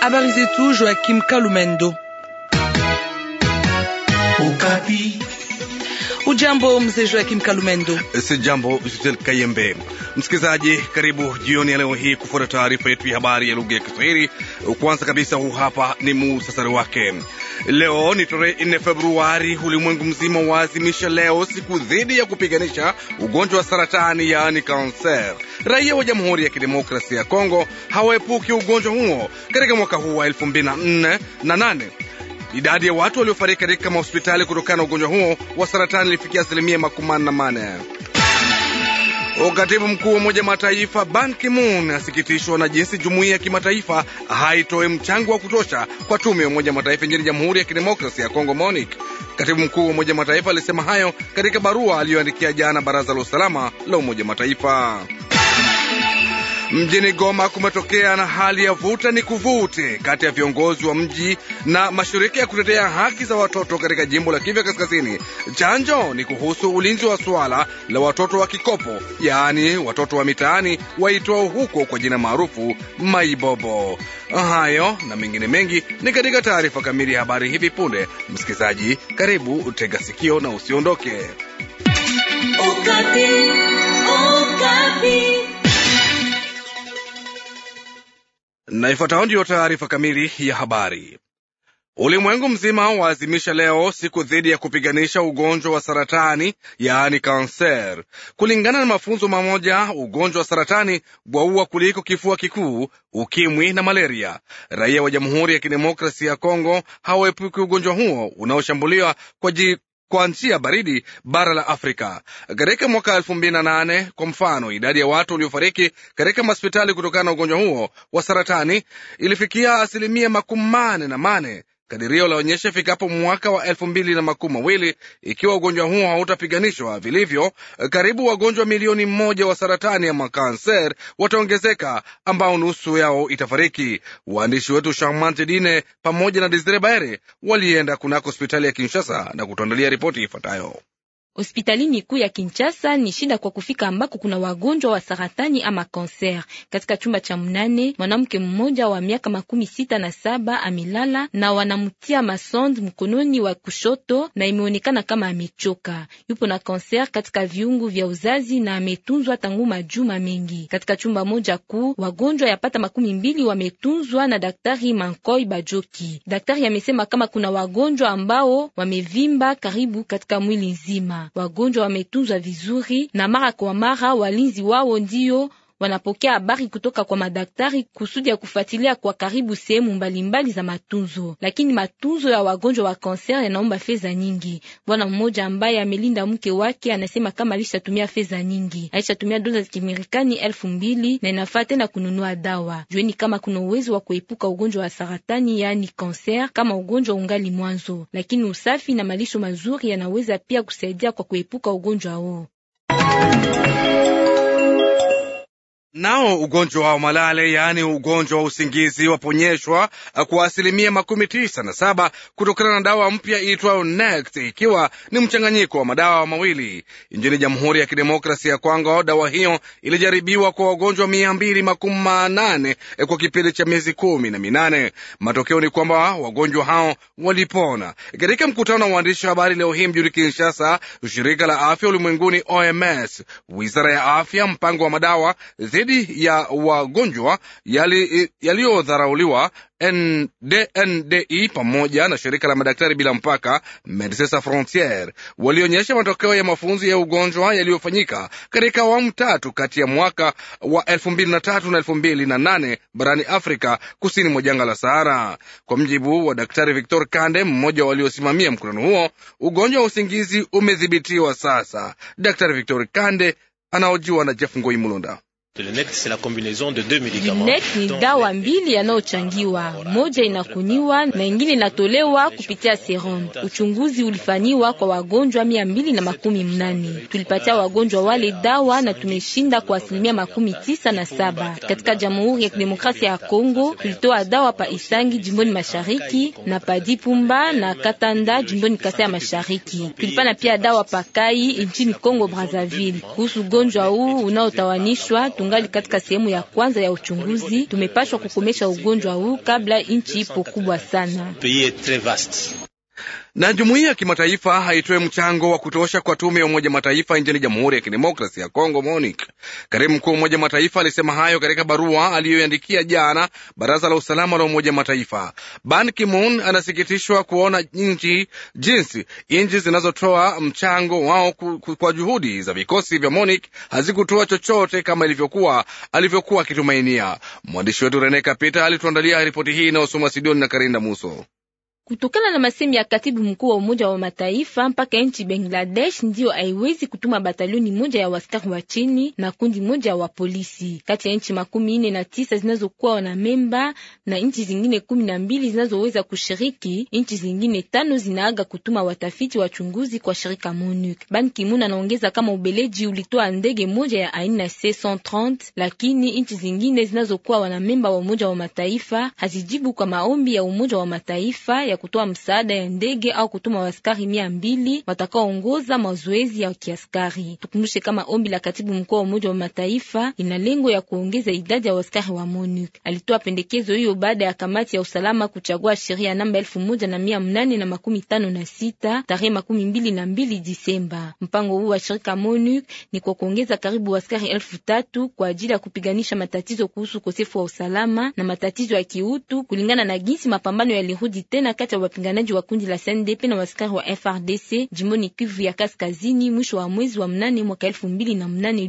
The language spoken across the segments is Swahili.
Habari zetu Joakim Kalumendo. Ujambo mzee Joakim Kalumendo. Si jambo Vitel Kayembe. Msikilizaji, karibu jioni ya leo hii kufuata taarifa yetu ya habari ya lugha ya Kiswahili. Kwanza kabisa, huu hapa ni muhtasari wake. Leo ni tarehe 4 Februari. Ulimwengu mzima waazimisha leo siku dhidi ya kupiganisha ugonjwa wa saratani, yaani kanser raia wa Jamhuri ya Kidemokrasia ya Kongo hawaepuki ugonjwa huo katika mwaka huu wa 2004 na 8. Idadi ya watu waliofariki katika mahospitali kutokana na ugonjwa huo wa saratani ilifikia asilimia makumani na mane. Katibu mkuu wa Umoja Mataifa Ban Ki-moon asikitishwa na jinsi jumuiya ya kimataifa haitoe mchango wa kutosha kwa tume ya Umoja Mataifa nchini Jamhuri ya Kidemokrasia ya Kongo, MONUC. Katibu mkuu wa Umoja Mataifa alisema hayo katika barua aliyoandikia jana Baraza la Usalama la Umoja Mataifa. Mjini Goma kumetokea na hali ya vuta ni kuvute kati ya viongozi wa mji na mashirika ya kutetea haki za watoto katika jimbo la Kivu Kaskazini. Chanjo ni kuhusu ulinzi wa suala la watoto wa kikopo, yaani watoto wa mitaani waitwao huko kwa jina maarufu maibobo. Hayo na mengine mengi ni katika taarifa kamili ya habari hivi punde. Msikilizaji, karibu utega sikio na usiondoke. Ukati. na ifuatayo ndiyo taarifa kamili ya habari. Ulimwengu mzima waazimisha leo siku dhidi ya kupiganisha ugonjwa wa saratani yaani kanser. Kulingana na mafunzo mamoja, ugonjwa wa saratani waua kuliko kifua kikuu, ukimwi na malaria. Raia wa Jamhuri ya Kidemokrasia ya Kongo hawaepuki ugonjwa huo unaoshambuliwa kwa, kuanzia baridi bara la Afrika. Katika mwaka elfu mbili na nane kwa mfano, idadi ya watu waliofariki katika mahospitali kutokana na ugonjwa huo wa saratani ilifikia asilimia makumi mane na mane Kadirio laonyesha ifikapo mwaka wa elfu mbili na makumi mawili ikiwa ugonjwa huo hautapiganishwa vilivyo, karibu wagonjwa milioni moja wa saratani ya makanser wataongezeka, ambao nusu yao itafariki. Waandishi wetu Charmante Dine pamoja na Desire Baere walienda kunako hospitali ya Kinshasa na kutuandalia ripoti ifuatayo. Hospitalini kuu ya Kinshasa ni shida kwa kufika ambako kuna wagonjwa wa saratani ama kanser. Katika chumba cha mnane, mwanamke mmoja wa miaka makumi sita na saba amelala na wanamtia masonde mkononi wa kushoto na imeonekana kama amechoka. Yupo na kanser katika viungu vya uzazi na ametunzwa tangu majuma mengi. Katika chumba moja kuu, wagonjwa yapata makumi mbili wametunzwa na daktari Mankoi Bajoki. Daktari amesema kama kuna wagonjwa ambao wamevimba karibu katika mwili nzima wagonjwa wametunzwa vizuri na mara kwa mara walinzi wao ndio wanapokea habari kutoka kwa madaktari kusudi ya kufuatilia kwa karibu sehemu mbalimbali za matunzo, lakini matunzo ya wagonjwa wa kanser yanaomba fedha nyingi. Bwana mmoja ambaye amelinda mke wake anasema kama alishatumia fedha nyingi, alishatumia dola za Kimarekani elfu mbili na inafaa tena kununua dawa. Jueni kama kuna uwezo wa kuepuka ugonjwa wa saratani, yaani kanser, kama ugonjwa ungali mwanzo, lakini usafi na malisho mazuri yanaweza pia kusaidia kwa kuepuka ugonjwa huo. Nao ugonjwa wa malale yaani ugonjwa wa usingizi waponyeshwa uh, kwa asilimia makumi tisa na saba kutokana na dawa mpya iitwayo Next, ikiwa ni mchanganyiko wa madawa mawili. Nchini Jamhuri ya Kidemokrasi ya Kongo, dawa hiyo ilijaribiwa kwa wagonjwa mia mbili makumi manane eh, kwa kipindi cha miezi kumi na minane. Matokeo ni kwamba wagonjwa hao walipona. Katika mkutano wa waandishi wa habari leo hii mjini Kinshasa, shirika la afya ulimwenguni OMS, wizara ya afya, mpango wa madawa dhidi ya wagonjwa yaliyodharauliwa yali DNDi pamoja na shirika la madaktari bila mpaka Medecins Sans Frontieres walionyesha matokeo ya mafunzo ya ugonjwa yaliyofanyika katika awamu tatu kati ya mwaka wa 2003 na 2008 barani Afrika kusini mwa jangwa la Sahara. Kwa mjibu wa Daktari Victor Kande, mmoja waliosimamia mkutano huo, ugonjwa wa usingizi umedhibitiwa sasa. Daktari Victor Kande anaojiwa na Jeff Ngoi Net ni dawa mbili yanayochangiwa, moja inakuniwa na ingine inatolewa kupitia serum. Uchunguzi ulifanyiwa kwa wagonjwa mia mbili na makumi mnane tulipatia wagonjwa wale dawa na tumeshinda kwa asilimia makumi tisa na saba. Katika Jamhuri ya Kidemokrasia ya Kongo tulitoa dawa pa Isangi jimboni mashariki na pa Dipumba na Katanda jimboni Kasai ya mashariki. Tulipana pia dawa pa Kai nchini Kongo Brazzaville. Kuhusu ugonjwa huu unaotawanishwa tungali katika sehemu ya kwanza ya uchunguzi. Tumepashwa kukomesha ugonjwa huu kabla nchi ipo kubwa sana na jumuiya ya kimataifa haitoe mchango wa kutosha kwa tume ya Umoja Mataifa nchini Jamhuri ya Kidemokrasi ya Kongo, MONUC. karibu mkuu wa Umoja Mataifa alisema hayo katika barua aliyoandikia jana Baraza la Usalama la Umoja Mataifa. Ban Ki-moon anasikitishwa kuona nchi jinsi nchi zinazotoa mchango wao kwa juhudi za vikosi vya MONUC hazikutoa chochote kama ilivyokuwa alivyokuwa akitumainia. Mwandishi wetu Rene Kapita alituandalia ripoti hii inayosoma Sidoni na Karinda Muso. Kutokana na masemi ya katibu mkuu wa Umoja wa Mataifa, mpaka nchi Bangladesh ndiyo haiwezi kutuma batalioni moja ya waskari wa chini na kundi moja wa polisi. Kati ya nchi makumi ine na tisa zinazokuwa wanamemba na nchi zingine kumi na mbili zinazoweza kushiriki, nchi zingine tano zinaaga kutuma watafiti wachunguzi kwa shirika MONUC. Ban Ki-moon anaongeza kama Ubeleji ulitoa ndege moja ya aina C130, lakini nchi zingine zinazokuwa wanamemba wa Umoja wa Mataifa hazijibu kwa maombi ya Umoja wa Mataifa ya kutoa msaada ya ndege au kutuma waskari mia mbili watakaoongoza mazoezi ya kiaskari. Tukumbushe kama ombi la katibu mkuu wa Umoja wa Mataifa ina lengo ya kuongeza idadi ya waskari wa MONUC. Alitoa pendekezo hiyo baada ya kamati ya usalama kuchagua sheria namba elfu moja na mia mnane na makumi tano na sita tarehe makumi mbili na mbili Disemba. Mpango huu wa shirika MONUC ni kwa kuongeza karibu waskari elfu tatu kwa ajili ya kupiganisha matatizo kuhusu ukosefu wa usalama na matatizo ya kiutu kulingana na jinsi mapambano yalirudi tena kati ya wapinganaji wa kundi la CNDP na waskari wa FRDC jimboni Kivu ya Kaskazini mwisho wa mwezi wa mnane mwaka elfu mbili na mnane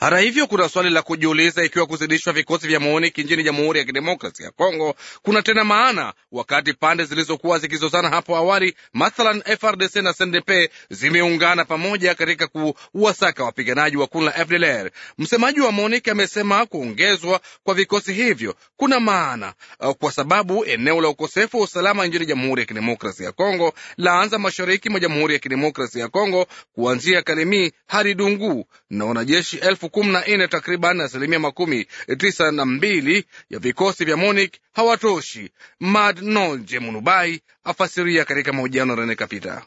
hata hivyo kuna swali la kujiuliza ikiwa kuzidishwa vikosi vya MONUC nchini Jamhuri ya Kidemokrasia ya Kongo kuna tena maana, wakati pande zilizokuwa zikizozana hapo awali, mathalan FRDC na SNDP zimeungana pamoja katika kuwasaka wapiganaji wa kundi la FDLR. Msemaji wa MONUC amesema kuongezwa kwa vikosi hivyo kuna maana uh, kwa sababu eneo la ukosefu wa usalama nchini Jamhuri ya Kidemokrasia ya Kongo laanza mashariki mwa Jamhuri ya Kidemokrasia ya Kongo kuanzia Kalemi hadi Dungu na wanajeshi elfu kumi na nne takriban asilimia makumi tisa na mbili ya vikosi vya MONUC hawatoshi. Mad Noje Munubai afasiria katika mahojiano na Rene Kapita.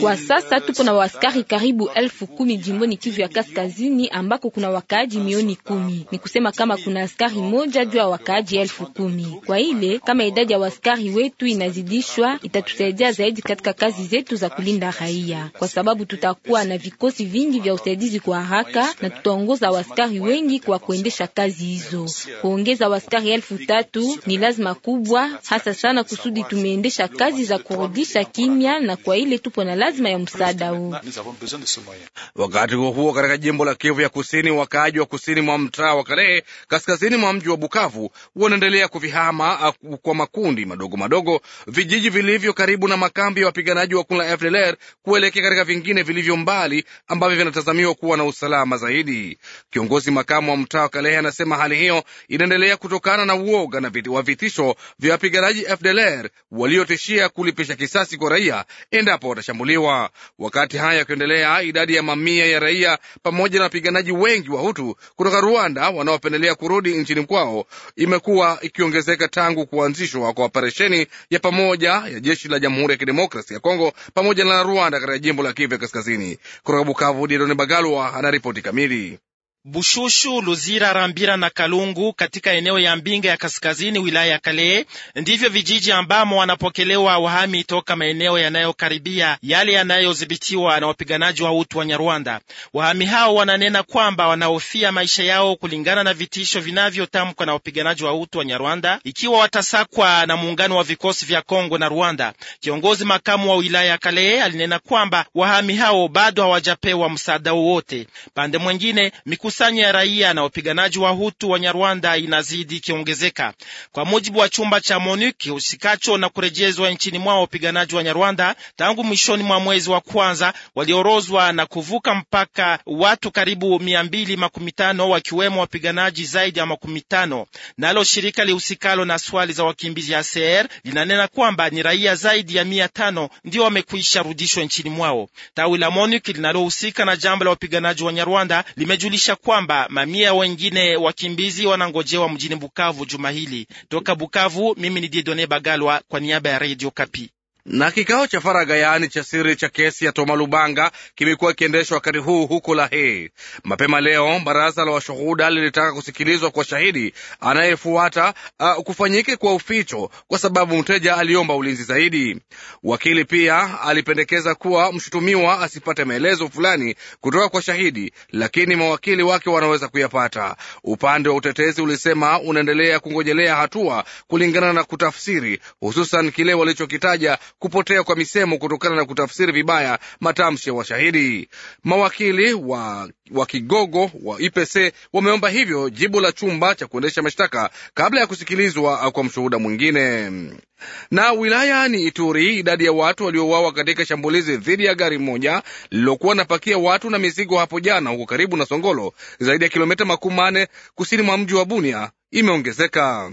Kwa sasa tupo na waskari karibu elfu kumi jimboni Kivu ya Kaskazini, ambako kuna wakaaji milioni kumi. Ni kusema kama kuna askari moja juu ya wakaaji elfu kumi. Kwa ile kama idadi ya waskari wetu inazidishwa, itatusaidia zaidi katika kazi zetu za kulinda raia, kwa sababu tutakuwa na vikosi vingi vya usaidizi kwa haraka na tutaongoza waskari wengi kwa kuendesha kazi hizo. Kuongeza waskari elfu tatu ni lazima kubwa, hasa sana kusudi tumeendesha kazi za kuru kurudisha kimya na kwa ile tupo na lazima ya msaada huu. Wakati huo huo, katika jimbo la Kivu ya Kusini, wakaaji wa kusini mwa mtaa wa Kalehe kaskazini mwa mji wa Bukavu wanaendelea kuvihama ah, kwa makundi madogo madogo vijiji vilivyo karibu na makambi ya wapiganaji wa kundi la FDLR kuelekea katika vingine vilivyo mbali ambavyo vinatazamiwa kuwa na usalama zaidi. Kiongozi makamu wa mtaa wa Kalehe anasema hali hiyo inaendelea kutokana na uoga na wa vitisho vya wapiganaji FDLR waliotishia kulipisha kisasi kwa raia endapo watashambuliwa. Wakati haya yakiendelea, idadi ya mamia ya raia pamoja na wapiganaji wengi wa Hutu kutoka Rwanda wanaopendelea kurudi nchini kwao imekuwa ikiongezeka tangu kuanzishwa kwa operesheni ya pamoja ya jeshi la Jamhuri ya Kidemokrasi ya Kongo pamoja na Rwanda katika jimbo la Kivu ya Kaskazini. Kutoka Bukavu, Diedone Bagalwa ana ripoti kamili. Bushushu, Luzira, Rambira na Kalungu katika eneo ya Mbinga ya Kaskazini, wilaya ya Kalehe, ndivyo vijiji ambamo wanapokelewa wahami toka maeneo yanayokaribia yale yanayodhibitiwa na wapiganaji wa Hutu wa Nyarwanda. Wahami hao wananena kwamba wanahofia maisha yao kulingana na vitisho vinavyotamkwa na wapiganaji wa Hutu wa Nyarwanda ikiwa watasakwa na muungano wa vikosi vya Kongo na Rwanda. Kiongozi makamu wa wilaya ya Kalehe alinena kwamba wahami hao bado hawajapewa msaada wowote. Pande mwingine mikusanyo ya raia na wapiganaji wa Hutu wa Nyarwanda inazidi ikiongezeka. Kwa mujibu wa chumba cha MONUC husikacho na kurejezwa nchini mwao wapiganaji wa Nyarwanda, tangu mwishoni mwa mwezi wa kwanza waliorozwa na kuvuka mpaka watu karibu mia mbili makumi tano wakiwemo wapiganaji zaidi ya makumi tano. Nalo shirika lihusikalo na swali za wakimbizi ya ACR linanena kwamba ni raia zaidi ya mia tano ndio wamekwisha rudishwa nchini mwao. Tawi la MONUC linalohusika na jambo la wapiganaji wa Nyarwanda limejulisha kwamba mamia wengine wakimbizi wanangojewa mjini Bukavu juma hili. Toka Bukavu, mimi ni Diedone Bagalwa kwa niaba ya Radio Kapi. Na kikao cha faraga yaani cha siri cha kesi ya Toma Lubanga kimekuwa kiendeshwa wakati huu huko Lahei. Mapema leo baraza la washuhuda lilitaka kusikilizwa kwa shahidi anayefuata uh, kufanyike kwa uficho kwa sababu mteja aliomba ulinzi zaidi. Wakili pia alipendekeza kuwa mshutumiwa asipate maelezo fulani kutoka kwa shahidi, lakini mawakili wake wanaweza kuyapata. Upande wa utetezi ulisema unaendelea kungojelea hatua kulingana na kutafsiri, hususan kile walichokitaja kupotea kwa misemo kutokana na kutafsiri vibaya matamshi ya washahidi. Mawakili wa, wa kigogo wa IPC wameomba hivyo jibu la chumba cha kuendesha mashtaka kabla ya kusikilizwa kwa mshuhuda mwingine. Na wilayani Ituri, idadi ya watu waliouawa katika shambulizi dhidi ya gari moja lililokuwa napakia watu na mizigo hapo jana huko karibu na Songolo, zaidi ya kilomita makumi manne kusini mwa mji wa Bunia imeongezeka.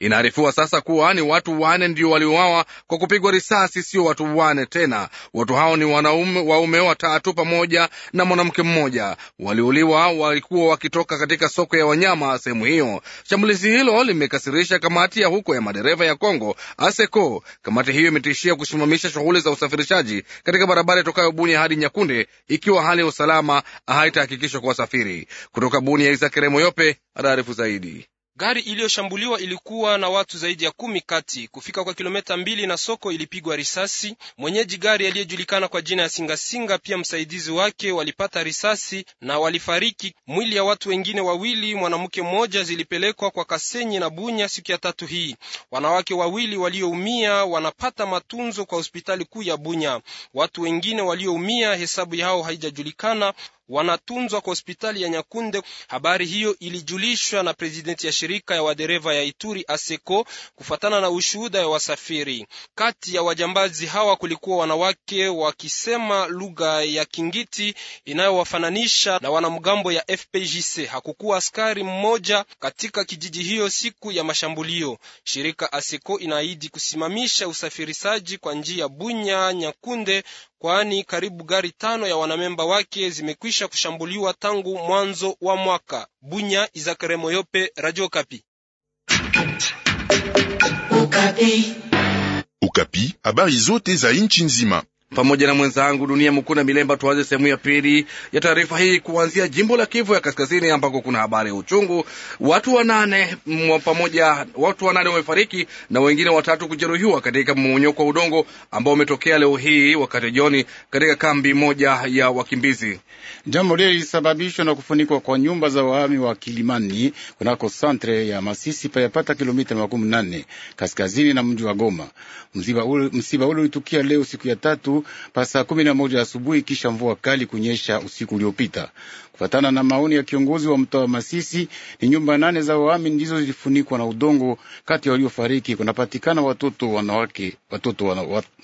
Inaarifiwa sasa kuwa ni watu wane ndio waliuawa kwa kupigwa risasi, sio watu wane tena. Watu hao ni wanaume waume watatu pamoja na mwanamke mmoja. Waliuliwa walikuwa wakitoka katika soko ya wanyama sehemu hiyo. Shambulizi hilo limekasirisha kamati ya huko ya madereva ya Kongo ASECO. Kamati hiyo imetishia kusimamisha shughuli za usafirishaji katika barabara itokayo Bunia hadi Nyakunde ikiwa hali ya usalama haitahakikishwa kwa wasafiri kutoka Bunia. Isa moyope anaarifu zaidi. Gari iliyoshambuliwa ilikuwa na watu zaidi ya kumi kati. Kufika kwa kilomita mbili na soko ilipigwa risasi. Mwenyeji gari aliyejulikana kwa jina ya Singasinga pia msaidizi wake walipata risasi na walifariki. Mwili ya watu wengine wawili, mwanamke mmoja, zilipelekwa kwa Kasenyi na Bunya siku ya tatu hii. Wanawake wawili walioumia wanapata matunzo kwa hospitali kuu ya Bunya. Watu wengine walioumia, hesabu yao haijajulikana wanatunzwa kwa hospitali ya Nyakunde. Habari hiyo ilijulishwa na presidenti ya shirika ya wadereva ya Ituri ASECO kufuatana na ushuhuda ya wasafiri. Kati ya wajambazi hawa kulikuwa wanawake wakisema lugha ya Kingiti inayowafananisha na wanamgambo ya FPJC. Hakukuwa askari mmoja katika kijiji hiyo siku ya mashambulio. Shirika ASECO inaahidi kusimamisha usafirishaji kwa njia Bunya Nyakunde kwani karibu gari tano ya wanamemba wake zimekwisha kushambuliwa tangu mwanzo wa mwaka. Bunya, Izakare Moyope, Radio Kapi. Ukapi, habari zote za nchi nzima pamoja na mwenzangu Dunia na Milemba. Tuanze sehemu ya pili ya taarifa hii kuanzia jimbo la Kivu ya Kaskazini, ambako kuna habari ya uchungu. Watu wanane pamoja, watu wanane wamefariki na wengine watatu kujeruhiwa katika mmomonyoko wa udongo ambao umetokea leo hii wakati jioni katika kambi moja ya wakimbizi, jambo lile lilisababishwa na kufunikwa kwa nyumba za wahami wa Kilimani kunako santre ya Masisi payapata kilomita makumi nane kaskazini na mji wa Goma. Msiba ule ulitukia leo siku ya tatu pa saa kumi na moja asubuhi kisha mvua kali kunyesha usiku uliopita. Kufatana na maoni ya kiongozi wa mtaa wa Masisi, ni nyumba nane za wahami ndizo zilifunikwa na udongo. Kati ya waliofariki kunapatikana watoto wanawake, watoto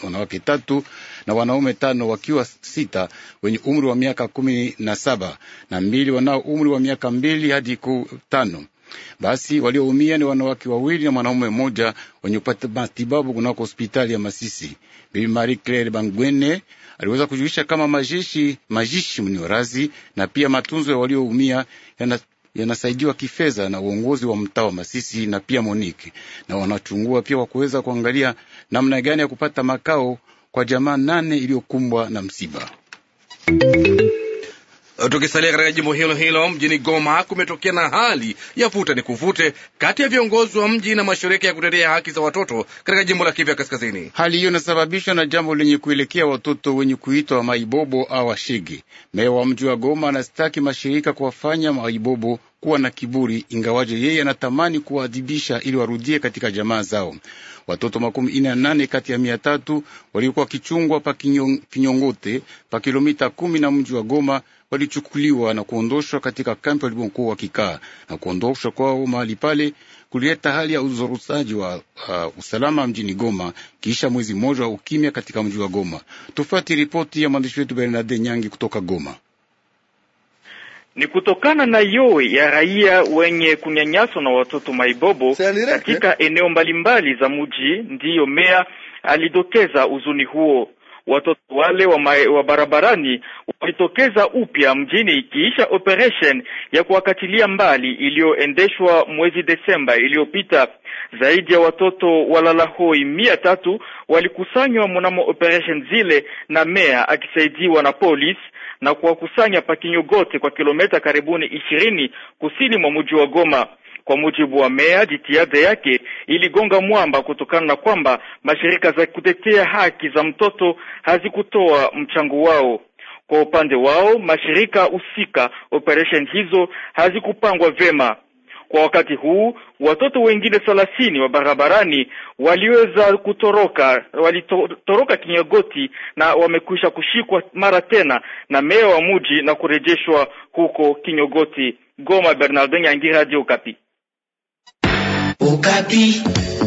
wanawake tatu na wanaume tano wakiwa sita wenye umri wa miaka kumi na saba na mbili wanao umri wa miaka mbili hadi tano. Basi walioumia ni wanawake wawili na mwanaume mmoja wenye kupata matibabu kunako hospitali ya Masisi. Bibi Marie Claire Bangwene aliweza kujulisha kama majishi majishi mniorazi na pia matunzo ya walioumia yana yanasaidiwa kifedha na uongozi wa mtaa wa Masisi na pia Monike, na wanachungua pia wakuweza kuweza kuangalia namna gani ya kupata makao kwa jamaa nane iliyokumbwa na msiba Tukisalia katika jimbo hilo hilo mjini Goma, kumetokea na hali ya vuta ni kuvute kati ya viongozi wa mji na mashirika ya kutetea haki za watoto katika jimbo la Kivu ya Kaskazini. Hali hiyo inasababishwa na jambo lenye kuelekea watoto wenye kuitwa maibobo au washigi. Meya wa mji wa Goma anastaki mashirika kuwafanya maibobo kuwa na kiburi, ingawaje yeye anatamani kuwaadhibisha ili warudie katika jamaa zao. Watoto makumi ine na nane kati ya mia tatu waliokuwa wakichungwa pa Kinyongote pa kilomita kumi na mji wa Goma walichukuliwa na kuondoshwa katika kampi walipokuwa wakikaa, na kuondoshwa kwao mahali pale kulileta hali ya uzorusaji wa uh, usalama mjini Goma kisha mwezi mmoja wa ukimya katika mji wa Goma. Tufati ripoti ya mwandishi wetu Bernarde Nyangi kutoka Goma ni kutokana na yoe ya raia wenye kunyanyaswa na watoto maibobo katika eh? eneo mbalimbali za mji, ndiyo mea alidokeza huzuni huo. Watoto wale wa, ma wa barabarani walitokeza upya mjini ikiisha operation ya kuwakatilia mbali iliyoendeshwa mwezi Desemba iliyopita. Zaidi ya watoto walalahoi mia tatu walikusanywa mnamo operation zile na meya akisaidiwa na polisi na kuwakusanya Pakinyogote kwa kilomita karibuni ishirini kusini mwa mji wa Goma. Kwa mujibu wa meya, jitihada yake iligonga mwamba kutokana na kwamba mashirika za kutetea haki za mtoto hazikutoa mchango wao. Kwa upande wao, mashirika husika operation hizo hazikupangwa vema. Kwa wakati huu watoto wengine thelathini wa barabarani waliweza kutoroka, walitoroka kinyagoti na wamekwisha kushikwa mara tena na meya wa muji na kurejeshwa huko Kinyogoti. Goma, Bernardin Yangi, Radio Okapi. Okapi.